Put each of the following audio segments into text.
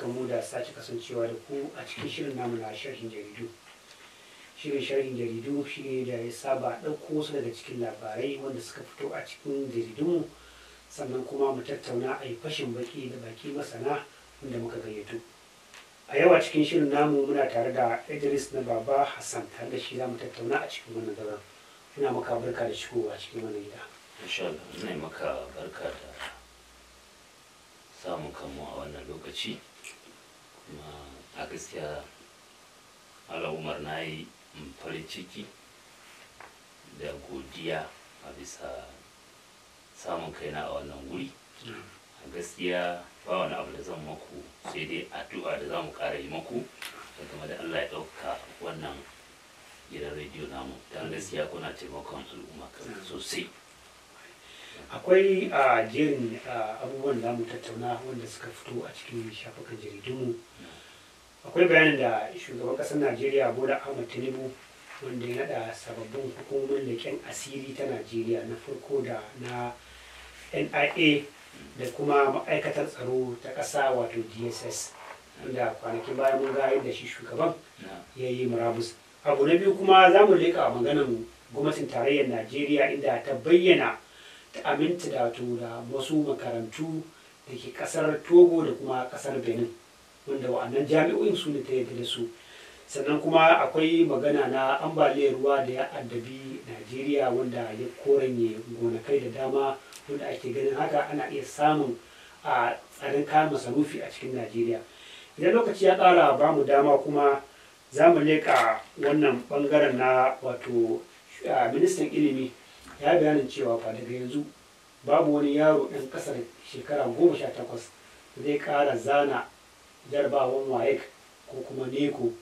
kamu da sace kasancewa da ku a cikin shirin namu na sharhin jaridu shirin sharhin jaridu shi ne da ya saba ɗauko su daga cikin labarai wanda suka fito a cikin jaridu sannan kuma mu tattauna a yi fashin baki da baki masana wanda muka gayyato a yau cikin shirin namu muna tare da idris na baba hassan tare da shi za mu tattauna a cikin wannan gaba ina maka barka da shigowa cikin wannan gida insha Allah ina maka barka da samun kanmu a wannan lokaci kuma a gaskiya Allah umar na yi farin ciki da godiya a bisa samun kaina a wannan guri a gaskiya ba wani abu da zan maku sai dai addu'a da zamu mu ƙara yi maku da game da allah ya ɗauka wannan gidan rediyo namu don gaskiya kuna taimakon al'umma sosai akwai a jerin abubuwan da mu tattauna wanda suka fito a cikin shafukan jaridunmu akwai bayanin da shugaban kasar najeriya bola ahmad tinubu wanda ya nada sababbin hukumomin leƙen asiri ta najeriya na farko da na nia da kuma ma'aikatar tsaro ta ƙasa wato dss inda kwanakin bayan mun ga yadda shi shugaban ya yi murabus abu na biyu kuma za mu leƙa maganan gwamnatin tarayyar najeriya inda ta bayyana ta aminta da wato da wasu makarantu da ke kasar togo da kuma kasar benin wanda wa'annan jami'o'in su ne ta yadda da su sannan kuma akwai magana na ambaliyar ruwa da ya addabi najeriya wanda ya koranye gonakai da dama wanda ake ganin haka ana iya samun a tsarin kayan masarufi a cikin najeriya idan lokaci ya ƙara ba mu dama kuma za mu leƙa wannan ɓangaren na wato ministan ilimi ya bayanin cewa ba daga yanzu babu wani yaro ɗan ƙasar shekara goma sha takwas zai ƙara zana jarabawar wayek ko kuma neko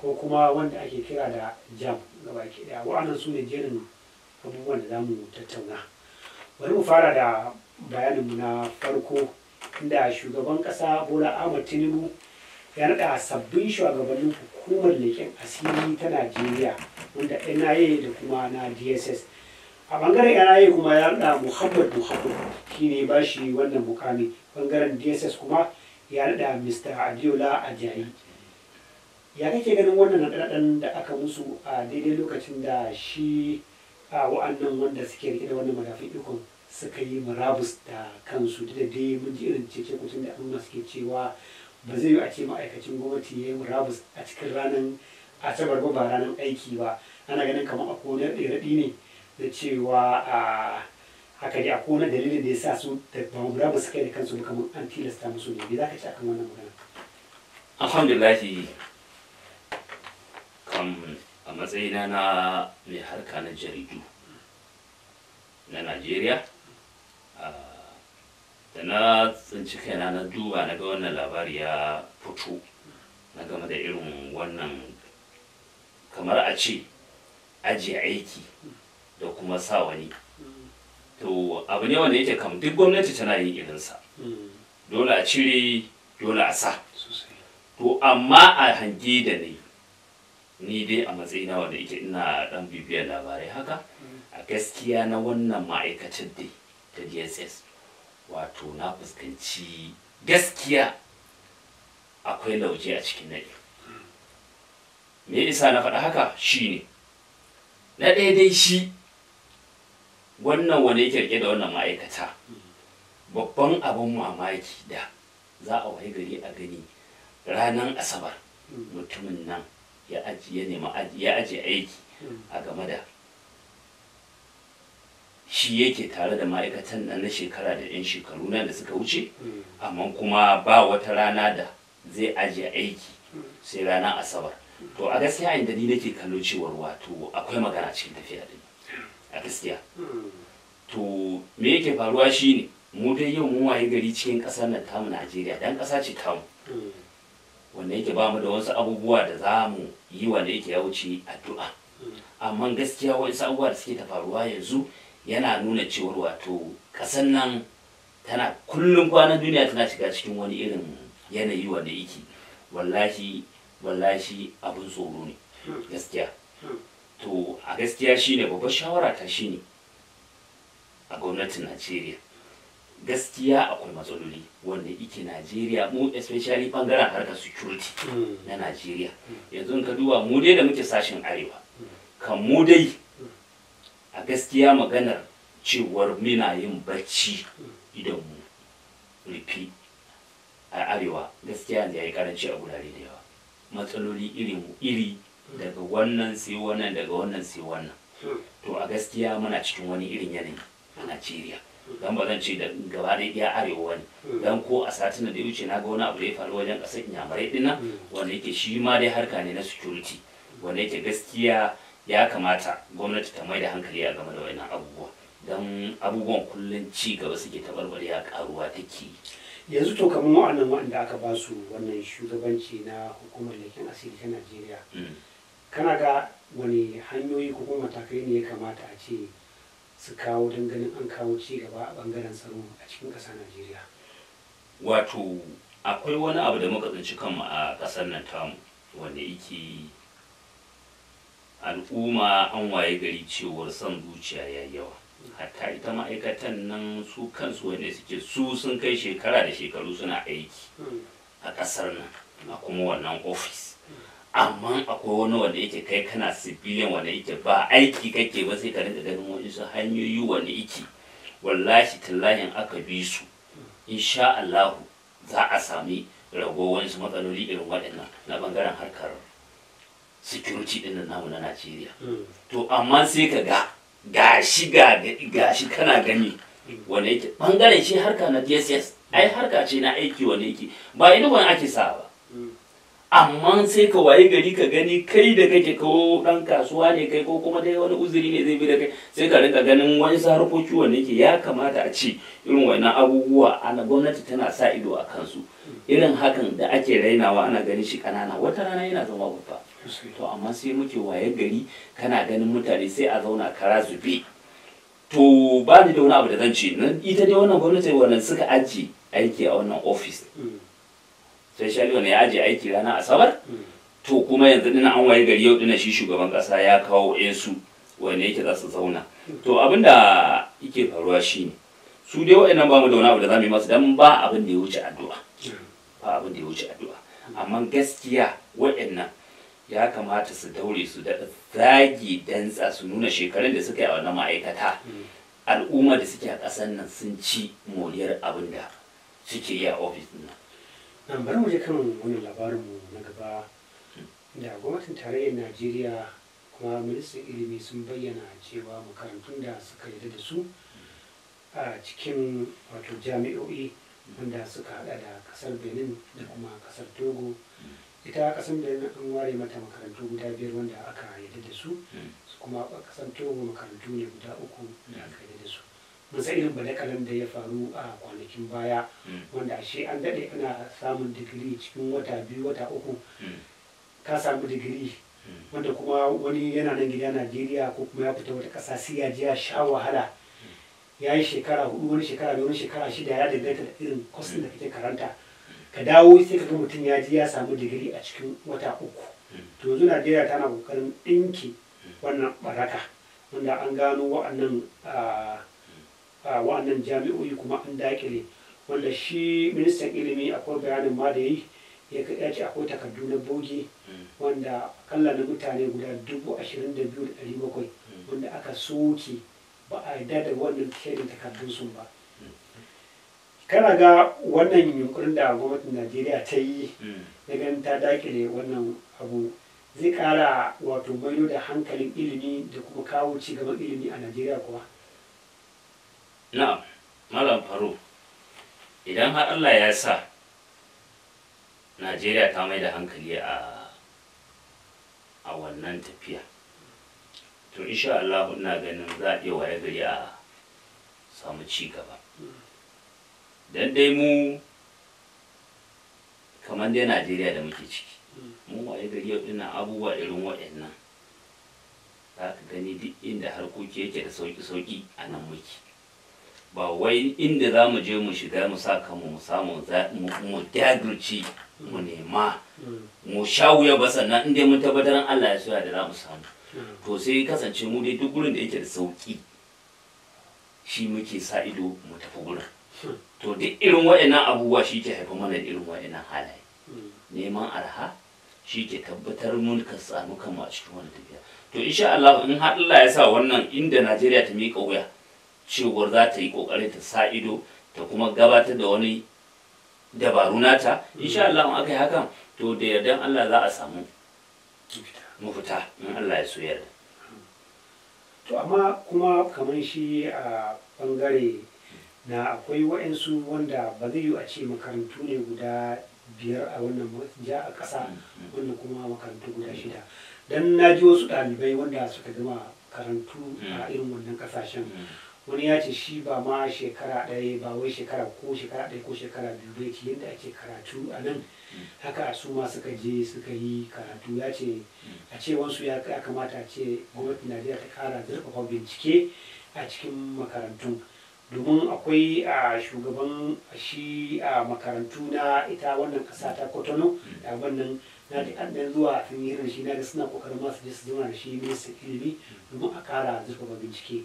ko kuma wanda ake kira da jam ga baki ɗaya wa'annan su ne jerin abubuwan da za mu tattauna bari mu fara da bayaninmu na farko inda shugaban ƙasa bola ahmad tinubu ya naɗa sabbin shugabannin hukumar leƙen asiri ta najeriya wanda nia da kuma na dss a bangaren yanayi kuma ya rada muhammad muhammad ne ba shi wannan mukami bangaren dss kuma ya rada mr adiola ajayi ya kake ganin wannan naɗaɗan da aka musu a daidai lokacin da shi a wa'annan wanda suke rike da wannan madafin ikon suka yi murabus da kansu da dai mun ji irin cece kucin da amma suke cewa ba zai yi a ce ma'aikacin gwamnati ya yi murabus a cikin ranar a asabar ba ranar aiki ba ana ganin kamar a kone ɗaya ne na cewa a haka dai akwai wani dalilin da ya sa su da mamura ba su kai da kansu ba kamar an tilasta musu ne biyu za ka ci akan wannan magana alhamdulillahi kam a matsayina na mai harka na jaridu na najeriya da na tsinci kaina na duba na ga wannan labari ya fito na game da irin wannan kamar a ce ajiye aiki da kuma sa wani to abu ne wanda yake kam duk gwamnati tana yin irinsa dole a cire dole a sa to amma a hange da ne ni dai a matsayina wanda yake ina dan bibiyar labarai haka a gaskiya na wannan ma'aikatar dai ta dss wato na fuskanci gaskiya akwai lauje a cikin nadi me isa na faɗa haka shine na ɗaya dai shi wannan wani yake rike da wannan ma'aikata babban abin mamaki da za a wayi gari a gani ranar asabar mutumin nan ya ajiye aiki a game da shi yake tare da ma'aikatan nan na shekara da 'yan shekaru nan da suka wuce amma kuma ba wata rana da zai ajiye aiki sai ranar asabar to a gaskiya inda ni nake kallo cewar wato akwai magana cikin tafiya da a gaskiya hmm. to me yake faruwa shine mu dai yau mu waye gari cikin ƙasar nan tamu Najeriya dan ƙasa ce tamu hmm. wanda yake ba mu da wasu abubuwa da za mu yi wanda yake ya wuce addu'a hmm. amma gaskiya wasu abubuwa da suke ta faruwa yanzu yana nuna cewar wato ƙasar nan tana kullum kwanan duniya tana shiga cikin wani irin yanayi wanda yake wallahi wallahi abun tsoro ne gaskiya to a gaskiya shine babbar shawara ta shine a gwamnatin najeriya gaskiya akwai matsaloli wanda ike najeriya mu especially bangaren harkar security hmm. na najeriya yanzu ka duba mu dai da muke sashen arewa kan mu dai a gaskiya maganar cewar muna yin bacci idan mu rufi a arewa gaskiya da yayi yi karanci a gurare da yawa matsaloli iri iri daga wannan sai wannan daga wannan sai wannan to a gaskiya muna cikin wani irin yanayi a najeriya dan ba zan ce da gaba da iya arewa wani dan ko a satin da wuce na ga wani abu da ya faru wajen kasar inyamurai dinna wanda yake shi ma dai harka ne na security wanda yake gaskiya ya kamata gwamnati ta mai da hankali a game da wannan abubuwa dan abubuwan kullum ci gaba suke tabarbare a karuwa take yanzu to kamar wa'annan wa'anda aka ba su wannan shugabanci na hukumar leken asiri ta najeriya hmm. kana ga wani hanyoyi ko kuma matakai ne ya kamata a ce su kawo don ganin an kawo ci gaba a bangaren tsaro a cikin ƙasa najeriya wato akwai wani abu da muka tsinci kanmu a ƙasar nan tamu wanda yake al'umma an waye gari cewar son zuciya ya yawa hatta ita ma'aikatan nan su kansu wanda suke su sun kai shekara da shekaru suna aiki hmm. a ƙasar nan a kuma wannan ofis hmm. amma akwai wani wanda yake kai kana sibiliyan wanda yake ba aiki kake ba sai ka rinka ganin wasu hanyoyi wanda yake wallahi tallahi aka bi su insha Allahu za a sami ragowar su matsaloli irin waɗannan na bangaren harkar security din nan namu na Najeriya hmm. to amma sai ka ga gashi ga gashi kana gani wanda yake bangaren shi harka na DSS ai harka ce na aiki wanda yake ba ina wani ake sawa amma sai ka waye gari ka gani kai da kake ko dan kasuwa ne kai ko kuma dai wani uzuri ne zai bi da kai sai ka rinka ganin wani harkoki wanda yake ya kamata a ci irin wannan abubuwa ana gwamnati tana sa ido a kansu irin hakan da ake rainawa ana ganin shi kanana wata rana yana zama babba to amma sai muke waye gari kana ganin mutane sai a zauna kara zube to ba ni da wani abu da zan ce ita dai wannan gwamnati wannan suka aji aiki a wannan office mm. sai shaliwa ne ya je aiki ranar asabar to kuma yanzu dina an waye gari yau dina shi shugaban kasa ya kawo yansu wanda yake za su zauna to abin da yake faruwa shine su dai waɗannan ba mu da wani abu da za mu yi masu dan ba abin da ya wuce addu'a ba abin da ya wuce addu'a amma gaskiya waɗannan ya kamata su daure su da zagi dantsa su nuna shekarun da suka yi a wannan ma'aikata al'umma da suke a ƙasar nan sun ci moriyar abin da suke yi a ofis nan nan bari mu je kan wani labarin mu na gaba hmm. da gwamnatin tarayyar najeriya kuma ministan ilimi sun bayyana cewa makarantun da suka yarda da su a cikin wato jami'o'i wanda suka hada da kasar benin da kuma kasar togo hmm. ita kasar benin an ware mata makarantu guda biyar wanda aka yarda da su hmm. kuma kasar togo makarantu ne guda uku da aka yarda da su musa irin badakalan da ya faru a kwanakin baya hmm. wanda ashe an daɗe ana samun digiri cikin wata biyu wata uku hmm. ka samu digiri hmm. wanda kuma wani yana nan gida najeriya ko kuma ya fita wata ƙasa sai ya ji ya sha wahala ya yi shekara hudu wani shekara biyu wani shekara shida ya danganta da irin kwasin da kake karanta ka dawo sai ka ga mutum ya ji ya samu digiri a cikin wata uku to yanzu najeriya tana kokarin ɗinki wannan baraka wanda an gano wa'annan ah, A wa'annan jami'o'i kuma an dakile wanda shi ministan ilimi akwai bayanin ma da yi ya ce akwai takardu na bogi hmm. wanda akalla na mutane guda dubu ashirin da biyu da ɗari bakwai hmm. wanda aka soke ba a yarda da wannan shaidin takardun sun ba hmm. kana ga wannan yunkurin da gwamnatin najeriya ta yi na ganin ta dakile wannan abu zai kara wato maido da hankalin ilimi da kuma kawo cigaban ilimi a najeriya kuwa na malam faru idan har allah ya sa najeriya ta mai da hankali a a wannan tafiya to insha allah ina ganin za a iya waye gari a samu ci gaba dan dai mu kamar dai najeriya da muke ciki mu waye gari yau ina abubuwa irin waɗannan za ka gani duk inda harkoki yake da sauƙi-sauƙi a nan muke ba wai inda za mu je mu shiga mu sa kanmu mu samu mu dagirci mu nema mu sha wuya ba sannan inda mun tabbatar Allah ya soya da za mu samu to sai kasance mu dai duk gurin da yake da sauki shi muke sa ido mu tafi gurin to duk irin waɗannan abubuwa shi ke haifar mana irin waɗannan halaye neman arha shi ke tabbatar mun ka samu kama a cikin wani tafiya to insha Allah in har Allah ya sa wannan inda Najeriya ta miƙa wuya cewar za ta yi kokarin ta sa ido ta kuma gabatar da wani dabaru nata insha mm. Allah aka yi hakan to da yardan Allah za a samu mafita in Allah ya so yarda to amma kuma kamar shi a bangare na akwai wa'ansu wanda ba zai yi a ce makarantu ne guda biyar a wannan ja a ƙasa mm-hmm. wanda kuma makarantu guda shida dan na ji wasu ɗalibai wanda suka gama karantu a mm. irin wannan ƙasashen mm. wani ya ce shi ba ma shekara ɗaya ba wai shekara ko shekara ɗaya ko shekara biyu bai ce yadda ake karatu a nan haka su ma suka je suka yi karatu ya ce a ce wasu ya kamata ce gwamnatin najeriya ta kara zurfafa bincike a cikin makarantun domin akwai a shugaban shi a makarantu na ita wannan kasa ta kotono da wannan na da an zuwa tun yi shi na ga suna kokarin masu je su zama da shi ne su ilimi domin a kara zurfafa bincike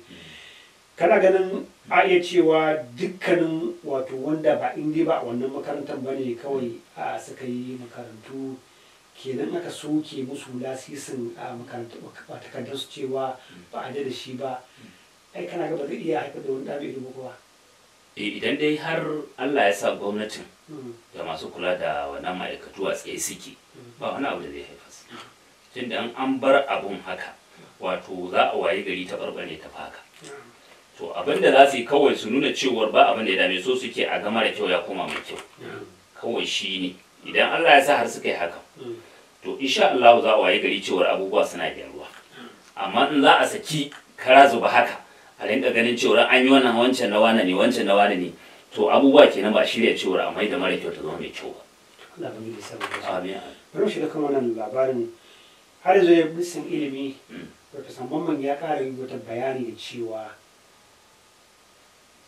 kana ganin a iya cewa dukkanin wato wanda ba indi ba a wannan makarantar ba ne kawai a suka yi makarantu kenan aka soke musu lasisin a ba takardar su cewa ba a da shi ba ai kana ga ba zai iya haifar da wani ɗabi ilimin kowa eh, idan dai har allah ya sa gwamnatin hmm. da masu kula da wannan ma'aikatu a tsaye suke hmm. ba wani abu da zai haifar su tunda an bar abun haka wato za a wayi gari ta barbare ta faka hmm. to abinda za su yi kawai su nuna cewar ba abin da ya dame so suke a gama da kyau ya koma mai kyau kawai shi ne idan Allah ya sa har suka yi haka to insha Allah za a waye gari cewar abubuwa suna gyaruwa amma in za a saki kara zuba haka a rinka ganin cewar an yi wancan na wani ne wancan na wani ne to abubuwa kenan ba shirya cewar a mai da mara kyau ta zama mai kyau ba bari shiga kan wannan labarin har zai bisan ilimi hmm. Profesa Mamman ya kara yi wata bayani da cewa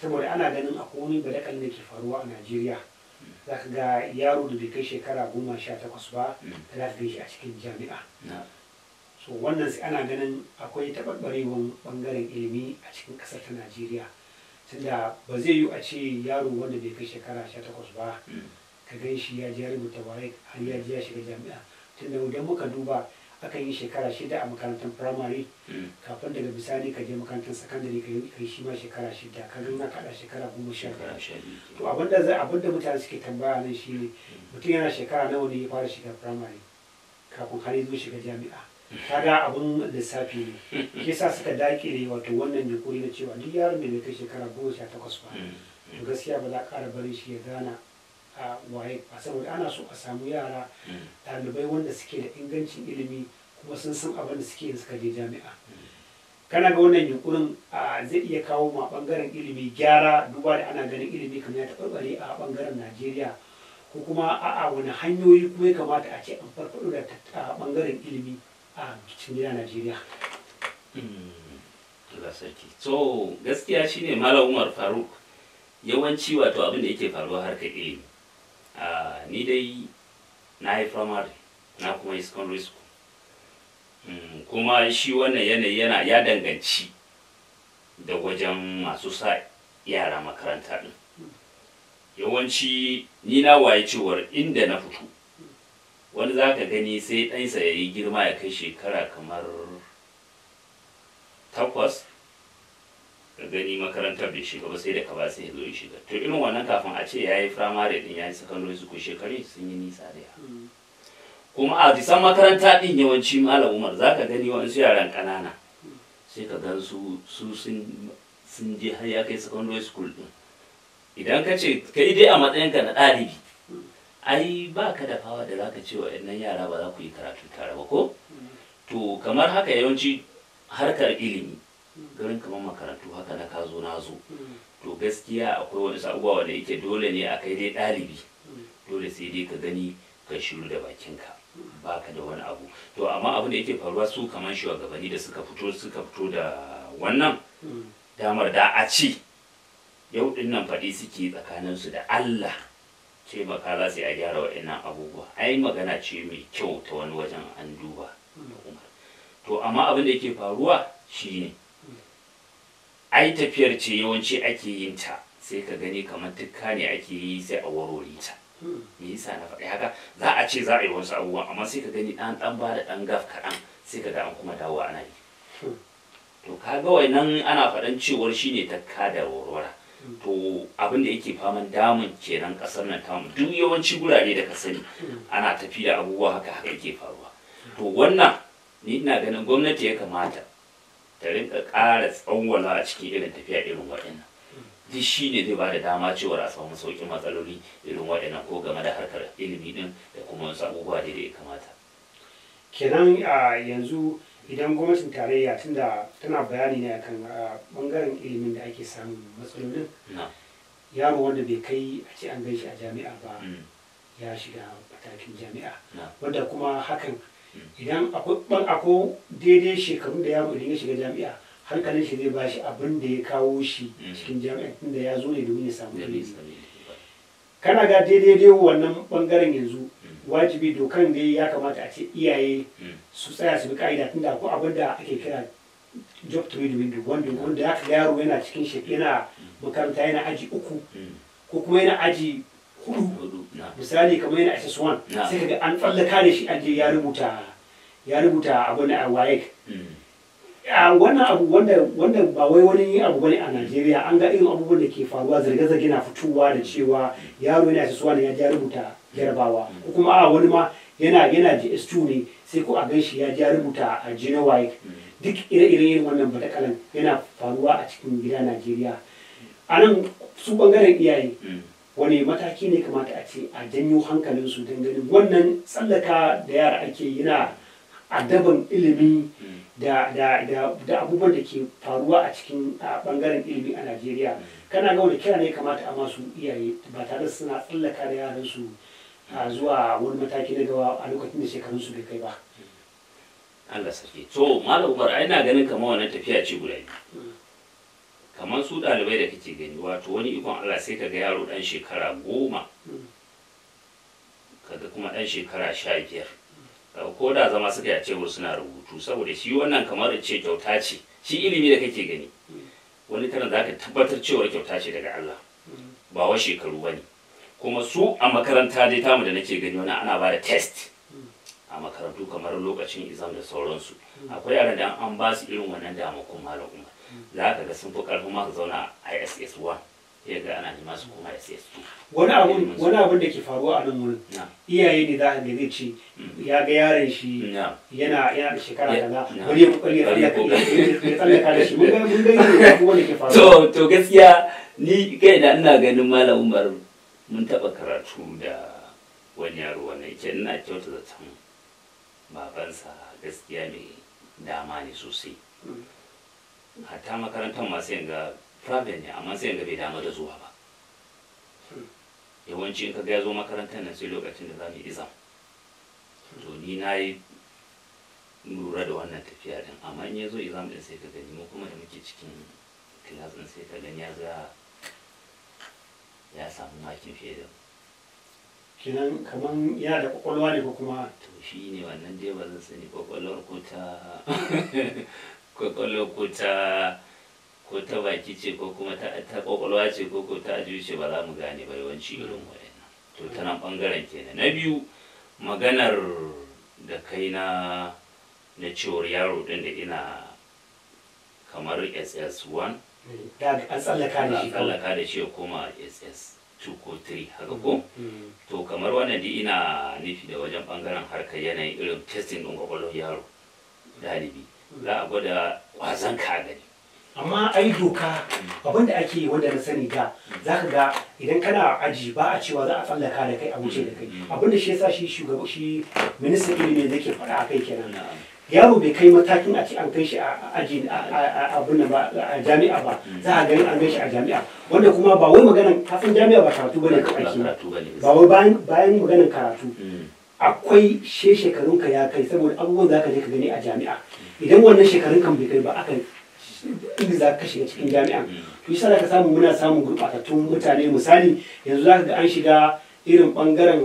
saboda ana ganin akwai wani dakan da ke faruwa a najeriya za ka ga yaro da bai kai shekara goma sha takwas ba da za ka shi a cikin jami'a so wannan sai ana ganin akwai taɓarɓarewan ɓangaren ilimi a cikin ƙasar ta najeriya tunda ba zai yiwu a ce yaro wanda bai kai shekara sha takwas ba ka gan ya je ya rubuta waye har ya ji ya shiga jami'a tunda idan muka duba akan yi shekara shida a makarantar firamare hmm. kafin daga bisani ka je makarantar sakandare ka yi shi ma shekara shida ka ga na shekara goma sha to abinda da abin da mutane suke tambaya nan shi ne hmm. mutum yana shekara nawa ne ya fara shiga firamare kafin har yanzu shiga jami'a hmm. kaga abun lissafi ne sa suka dakile wato wannan yunkuri na cewa duk yaron da bai kai shekara goma sha takwas ba to gaskiya ba za a ƙara barin shi ya gana a waye saboda ana so a samu yara ɗalibai wanda suke da ingancin ilimi kuma sun san abin da suke suka je jami'a kana ga wannan yunkurin zai iya kawo ma bangaren ilimi gyara duba da ana ganin ilimi kamar ya taɓarɓare a bangaren najeriya ko kuma a wani hanyoyi kuma ya kamata a ce an farfaɗo da bangaren ilimi a cikin gida najeriya hmm, so gaskiya shine malam umar faruk yawanci wato abin da yake faruwa harkar ilimi Ah, ni dai na yi primary na kuma yi secondary school hmm, kuma shi wannan yanayi yana ya danganci da wajen masu sa yara makaranta din yawanci ni na waye cewar inda na fito wani za ka gani sai ɗansa ya yi girma ya kai shekara kamar takwas gani makarantar bai shiga ba sai da ka ba sai zo shiga to irin wannan kafin a ce yayi firamare din yayi secondary school shekaru sun yi nisa da hmm. kuma a disan makaranta din yawanci malam Umar zaka gani su yaran kanana sai ka gan su su sun sun je har ya kai secondary school din idan ka ce kai dai a matsayin ka na ɗalibi ai ba ka da fawa da zaka ce wa yara ba za ku yi karatu tare ba ko hmm. to kamar haka yawanci harkar ilimi garin kamar makarantu haka na kazo na zo mm. to gaskiya akwai wani sabuwa wanda yake dole ne a kai dai ɗalibi mm. dole sai dai ka gani ka shiru da bakinka mm. baka da wani abu to amma abin da yake faruwa su kamar shugabanni da suka fito suka fito da wannan damar da a ci yau din nan faɗi suke su da Allah ce maka za su yi a gyara waɗannan abubuwa ai magana ce mai kyau ta wani wajen an duba to amma abin da yake faruwa shi ne. ai tafiyar ce yawanci ake yin ta sai ka gani kamar tukka ne ake yi sai a warware ta me yasa na faɗi haka za a ce za a yi wasu abubuwa amma sai ka gani ɗan ɗan ba da ɗan gaf kaɗan sai ka ga an kuma dawo ana yi to kaga wannan ana faɗan cewar shine takka da warwara to abin da yake faman damun kenan ƙasar nan tamu duk yawanci gurare da ka sani ana tafiya abubuwa haka haka yake faruwa to wannan ni ina ganin gwamnati ya kamata ta rinka ƙara tsawwala a cikin irin tafiya irin waɗannan duk shi ne zai ba da dama cewa a samu sauƙin matsaloli irin waɗannan ko game da harkar ilimi ɗin da kuma wasu abubuwa da ya kamata kenan a yanzu idan gwamnatin tarayya tunda tana bayani ne akan bangaren ilimin da ake samun matsalolin yaro wanda bai kai a ce an gan shi a jami'a ba mm. ya shiga matakin jami'a wanda kuma hakan idan akwai ako daidai shekarun da yaro idan ya shiga jami'a hankalin shi zai ba shi abin da ya kawo shi mm. cikin jami'a tunda ya zo ne domin ya samu ilimi kana ga daidai dai wannan bangaren yanzu mm. wajibi dokan dai ya kamata a ce iyaye mm. su tsaya su bi ka'ida tunda akwai abin da ake kira job trade window wanda wanda yaro yana cikin shi yana makaranta yana aji uku ko kuma yana aji hudu misali kamar yana ss1 sai ga an tsallaka da shi aje ya rubuta ya rubuta abu a waye hmm. wannan abu wanda wanda ba wai wani abu bane a Najeriya an ga irin abubuwan da ke faruwa zirga-zirga na fitowa da cewa yaro yana ss1 ya ja rubuta jarabawa ko hmm. kuma a wani ma yana yana js2 ne sai ko a ganshi ya ja rubuta a genowaik hmm. duk ire-iren yin wannan batakalan yana faruwa a cikin gida Najeriya a nan su bangaren iyaye wani mataki ne kamata a ce a janyo hankalinsu don ganin wannan tsallaka da yara ake yana daban ilimi da, abubuwan da ke faruwa a cikin bangaren ilimi a najeriya kana ga wani kira ne kamata a masu iyaye ba tare suna tsallaka da yaransu zuwa wani mataki na gaba a lokacin da shekarun su bai kai ba Allah sarki to malam umar ai na ganin kamar wannan tafiya ce guda biyu kamar su ɗalibai da kake gani wato wani ikon Allah sai ka ga yaro ɗan shekara goma kaga kuma ɗan shekara sha biyar ko da zama suka ya ce suna rubutu saboda shi wannan kamar ce kyauta ce shi ilimi da kake gani wani tana za ka tabbatar cewa kyauta ce daga Allah ba wa shekaru ba ne kuma su a makaranta dai tamu da nake gani wani ana ba da test a makarantu kamar lokacin izam da sauransu akwai yaran da an ba su irin wannan damakon malam umar za ka ga sun fi karfin ma zauna a ss 1 ya ga ana nema su kuma ss 2 wani abun wani abun da ke faruwa a nan wurin iyaye ne za ka ga zai ce mm. ya ga yaron shi yana yana da shekara kaza wani ya kokari ya tsallaka da shi mun ga mun ga abubuwan da ke faruwa to to gaskiya ni kai da ina ganin malam Umar mun taba karatu da wani yaro wanda yake ina kyauta zaton babansa gaskiya mai dama ne sosai mm. hatta makarantar masu yin ga private ne amma sai ga bai damu da zuwa ba yawanci in ka ga ya zo makarantar nan sai lokacin da za mu izam to ni na yi lura da wannan tafiya din amma in ya zo izan din sai ka gani mu kuma da muke cikin class din sai ka gani ya ga ya samu makin fiye da kinan kaman yana da kwakwalwa ne ko kuma to shi ne wannan dai ba zan sani kwakwalwar ko ta kwakwalwa ko ta baki ce ko kuma ta kwakwalwa ce ko ko ta ce ba za mu gane ba yawanci irin waɗannan to ta nan ɓangaren kenan na biyu maganar da kai na na cewar yaro ɗin da ina kamar ss1 an tsallaka da shi ya koma ss 2 ko 3 haka ko mm, mm. to kamar wannan da ina nufi da wajen ɓangaren harkar yanayin irin testing ɗin kwakwalwar yaro dalibi za a gwada kwazon ka gani amma ai doka abin da ake wanda na sani da za ka ga idan kana aji ba a cewa za a tsallaka da kai a wuce da kai mm. abin da shi yasa shi shugaba shi ilimi da ke faɗa a kai kenan yaro bai kai matakin a ce an kai shi a aji abin ba a jami'a ba mm. za a gani an kai shi a jami'a wanda kuma ba wai maganan kafin jami'a ba karatu bane ka aiki ba wai bayan maganan karatu mm. akwai shekarun ka ya kai saboda abubuwan zaka ka je ka gani a jami'a idan wannan shekarun kan bai kai ba aka inda za ka shiga cikin jami'a to shi ka samu muna samun gurɓatattun mutane misali yanzu za ka ga an shiga irin bangaren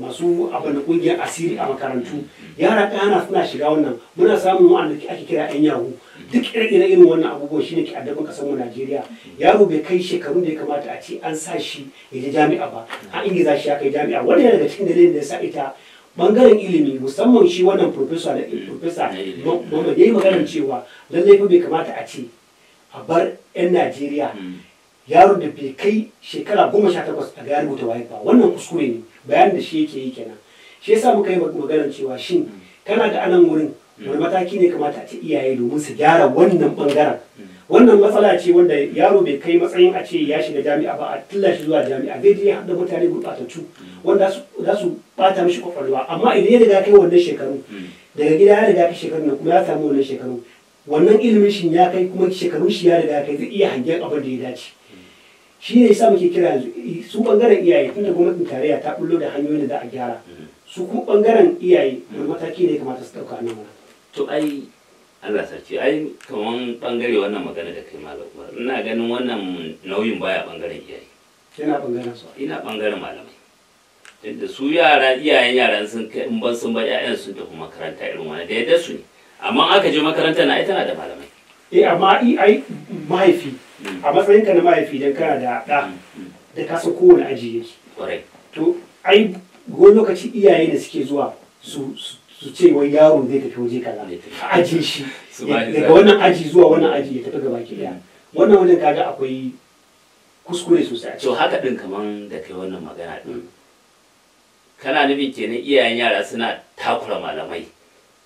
masu abin kungiyar asiri a makarantu yara kana suna shiga wannan muna samun wa'anda ake kira yan yahu duk ire irin wannan abubuwan shine ke addabin kasar mu Najeriya yaro bai kai shekarun da ya kamata a ce an sa shi ya je jami'a ba a an za shi ya kai jami'a wannan daga cikin dalilin da ya sa ita bangaren ilimi musamman shi wannan profesa da profesa goma da yi maganar cewa lallai fa bai kamata a ce a bar 'yan najeriya hmm. yaro da bai kai shekara goma sha takwas a ga rubuta waye ba wannan kuskure ne bayan da shi yake yi kenan shi yasa muka yi maganar cewa shin hmm. kana da anan wurin wani hmm. mataki ne kamata a ce iyaye domin su gyara wannan bangaren wannan matsala ce wanda yaro bai kai matsayin a ce ya shiga jami'a ba a tilla shi zuwa jami'a zai je haɗa mutane gurɓatattu wanda za su ɓata mishi kwakwalwa amma idan ya riga kai wannan shekaru daga gida ya riga kai shekaru na kuma ya samu wannan shekaru wannan ilimin shi ya kai kuma shekaru shi ya riga kai zai iya hangen abin da ya dace shi ne yasa muke kira su bangaren iyaye tunda gwamnatin tarayya ta bullo da hanyoyin da za a gyara su kuma bangaren iyaye wani mataki ne kamata su ɗauka nan to ai Allah sarki ai kaman bangare wannan magana da kai malam ina ganin wannan nauyin baya bangaren iyaye kina bangaren su ina bangaren malamai tunda su yara iyayen yaran sun kai in ban sun ba iyayen su tafi makaranta irin wani da yadda su ne amma aka je makaranta na ai tana da malamai eh amma ai ai mahaifi hmm. a matsayin ka na mahaifi dan kana da da hmm, hmm. da ka san kowane aji yake to ai go lokaci iyaye da suke zuwa su su ce wai yaro zai tafi waje kaza a aji shi daga wannan aji zuwa wannan aji ya tafi gaba ki daya mm. wannan wajen kaga akwai kuskure sosai to haka din kaman da kai wannan magana din mm. kana nufin kenan iyayen yara suna takura malamai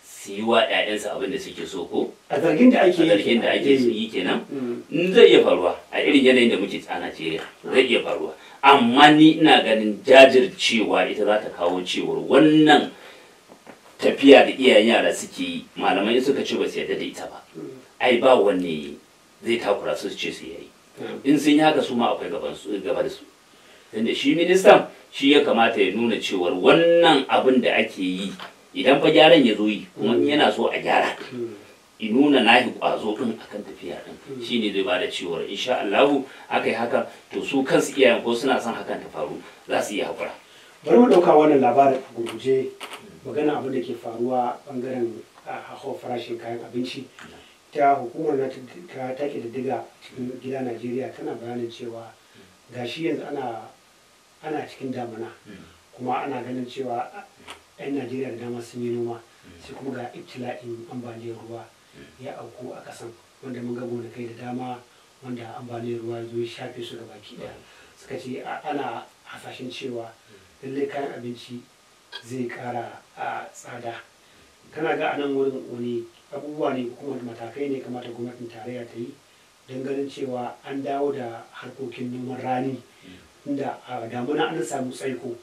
su yi wa ƴaƴansu abin da suke so ko a zargin da ake yi zargin da ake yi kenan mm. in zai iya faruwa a irin yanayin da muke a Najeriya zai iya faruwa amma ni ina ganin jajircewa ita za ta kawo cewar wannan tafiya da iyayen yara suke yi malamai suka ce ba su yarda da ita ba ai ba wanne zai takura su ce su yayi in sun yi haka su ma akwai gaban su gaba da su tunda shi ministan shi ya kamata ya nuna cewar wannan abin da ake yi idan fa gyaran ya zo yi kuma in yana so a gyara i nuna nahi kwazo din akan tafiya din shine zai bada cewar insha Allah akai haka to su kansu iyayen ko suna son hakan ta faru za su iya hakura bari mu dauka wannan labarin gurguje magana abu da ke faruwa bangaren hauhawar farashin kayan abinci ta hukumar na ta take da diga cikin gida najeriya tana bayanin cewa gashi yanzu ana ana cikin damana kuma ana ganin cewa 'yan najeriya da dama sun yi noma sai kuma ga ibtila'in ambaliyar ruwa ya auku a kasan wanda mun ga kai da dama wanda ambaliyar ruwa ya zo shafe su ga baki daya suka ce ana hasashen cewa lallai kayan abinci zai kara a tsada kana ga anan wurin wani abubuwa ne kuma matakai ne kamata gwamnatin tarayya ta yi don ganin cewa an dawo da harkokin noman rani inda a damuna an samu tsaiko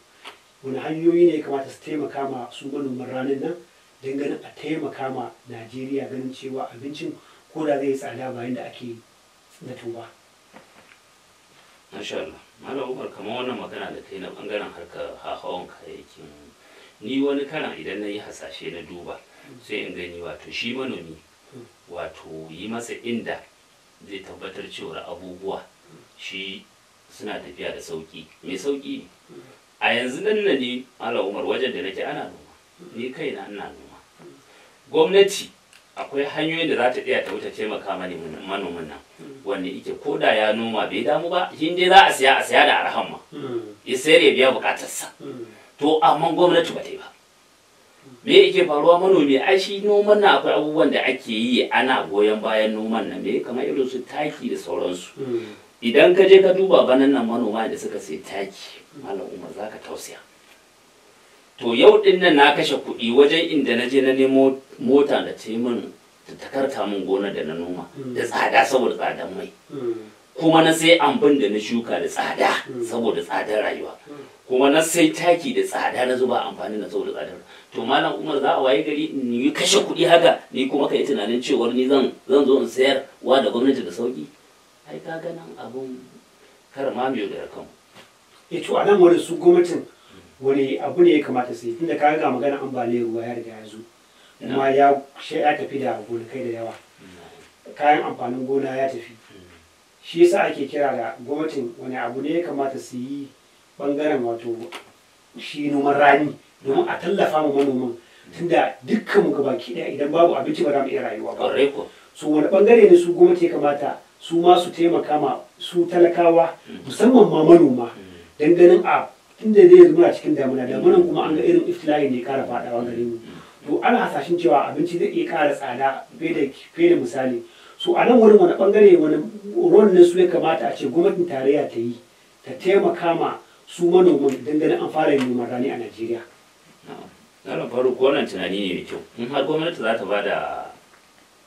wani hanyoyi ne kamata su taimaka ma su manoman ranin nan don ganin a taimaka ma najeriya ganin cewa abincin ko da zai tsada bayan da ake zato ba masha Allah malam Umar kamar wannan magana da kai na bangaren harkar hahawan kayayyakin ni wani karan idan na yi hasashe na duba sai in gani wato shi manomi wato yi masa inda zai tabbatar cewar abubuwa shi suna tafiya da sauki mai sauki ne a yanzu nan na ne ala umar wajen da nake ana noma ni kaina ina noma gwamnati akwai hanyoyin da za ta iya ta wuce taimaka mani manomin nan wanne ike ko da ya noma bai damu ba shi dai za a siya a siya da arhamma hmm. ya sayar ya biya bukatarsa hmm. to amma gwamnati ba ta yi ba me yake faruwa manomi a shi noman na akwai abubuwan da ake yi ana goyon bayan noman nan me kamar irin su taki da sauransu hmm. idan ka je ka duba banan nan manoma da suka sai taki malam umar zaka tausaya to yau din nan na kashe kuɗi wajen inda na je na nemo mota da ta yi min ta takarta min gona da na noma hmm. da tsada saboda tsadan mai hmm. kuma na sai bin da na shuka da tsada saboda tsadar rayuwa kuma na sai taki da tsada na zuba amfani na saboda tsadar to malam umar za a waye gari in yi kashe kuɗi haka ni kuma ka yi tunanin cewar ni zan zan zo in sayar wa da gwamnati da sauki ai ka ga nan abun kar ma mai da kan e eh, to anan wani su gwamnatin wani abu ne ya kamata sai tunda ka ga magana ambaliyar ruwa ya riga ya zo kuma ya ya tafi da gonakai da yawa kayan amfanin gona ya tafi shi yasa ake kira da gwamnatin wani abu ne ya kamata su yi bangaren wato shi noman rani domin a tallafa ma manoman tunda dukkan mu gabaki daya idan babu abinci ba za mu iya rayuwa ba so wani bangare ne su gwamnati ya kamata su ma su taimaka ma su talakawa musamman ma manoma ganin a tunda zai zama a cikin damuna damunan kuma an ga irin iftila'i ne kara fadawa gare mu to ana hasashen cewa abinci zai iya kara tsada fiye da misali so a nan wurin wani bangare wani ruwan ne su ya kamata a ce gwamnatin tarayya ta yi ta taimaka ma su manoman dangane an fara yin noman rani a najeriya na farko wannan tunani ne mai kyau in har gwamnati za ta ba da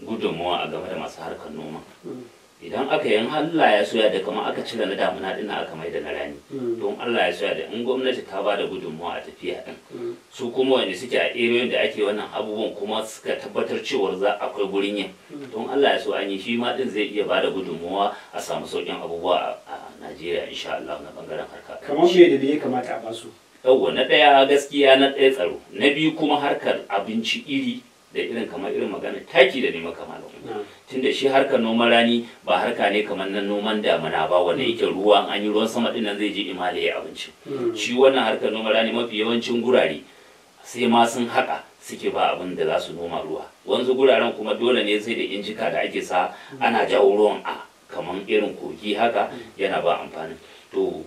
gudunmawa a game da masu harkar noma mm. idan aka yi allah ya soya da kama aka cire na damuna dina aka mai da na rani don mm. allah ya soya da in gwamnati ta ba da gudunmawa a tafiya din mm. su kuma wani suke a eriyoyin da ake wannan abubuwan kuma suka tabbatar cewar za akwai gurin yin don allah ya so an yi shi ma din zai iya ba da gudunmawa a samu saukin abubuwa a Najeriya insha Allah na bangaren harka. Kamar me da ya kamata a basu? Yawwa na ɗaya gaskiya na ɗaya tsaro, na biyu kuma harkar abinci iri da irin kamar irin magana taki da neman kamar tunda shi harkar noman rani ba harka ne kamar nan noman damina ba wanda yake hmm. ruwa an yi ruwan sama nan zai je ya abinci hmm. shi wannan harkar noman rani mafi yawancin gurare sai ma sun haka suke ba abin da za su noma ruwa wanzu guraren kuma dole ne sai da injika da ake sa hmm. ana jawo ruwan a kamar irin kogi haka yana ba amfanin to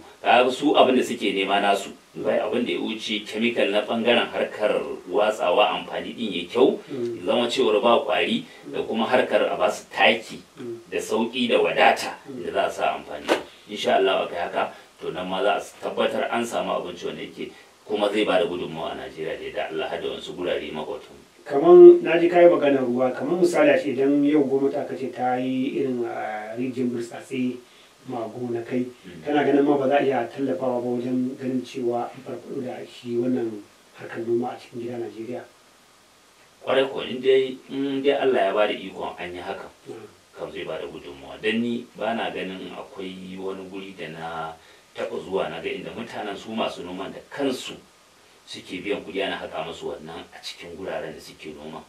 su abin da suke nema nasu bai abin da ya wuce kemikal na bangaren harkar watsawa amfani din mm. ya kyau zama cewar ba kwari da kuma harkar a basu taki mm. da sauki da wadata mm. da za a sa amfani insha Allah kai haka to nan ma za a tabbatar an samu abinci wanda yake kuma zai ba da gudunmawa a Najeriya da Allah hada wasu gurare makwatan kamar na ji kayi magana ruwa kamar misali a ce idan yau gwamnati aka ce ta yi irin ah, rijiyar burtsatse mago na kai hmm. tana ganin ma ba za a iya tallafawa ba wajen ganin cewa an farfado da shi wannan harkar noma a cikin gida najeriya kwarai ko in dai in dai allah ya ba da ikon an yi hakan hmm. kan zai ba da gudunmawa don ni ba na ganin akwai wani guri da na taɓa zuwa na ga inda mutanen su masu noman da kansu suke biyan kuɗi ana haka musu wannan a cikin guraren da suke noma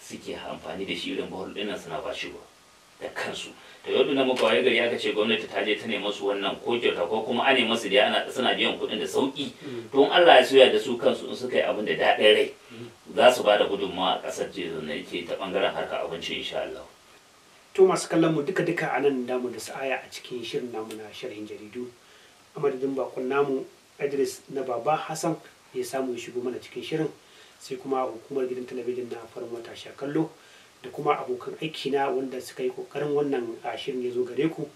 suke amfani da shi irin bahol ɗinnan suna ba shi ba da kansu ta yau na muka waye gari aka ce gwamnati ta je ta nemi su wannan ko kyauta ko kuma ana masu da ana suna biyan kuɗin da sauki don Allah ya soya da su kansu in suka yi abin da daɗin rai za su ba da gudunmawa a ƙasar jezo na yake ta ɓangaren harka abinci insha Allah. To masu kallon mu duka duka a nan damu da sa'aya a cikin shirin namu na sharhin jaridu a madadin bakon namu Idris na Baba Hassan ya samu ya shigo mana cikin shirin sai kuma hukumar gidan talabijin na farin wata sha kallo da kuma abokan aiki na wanda suka yi kokarin wannan shirin ya zo gare ku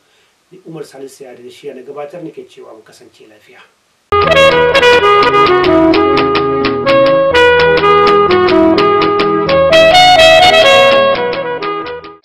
ni umar salisu ya da shiya na gabatar nake cewa mu kasance lafiya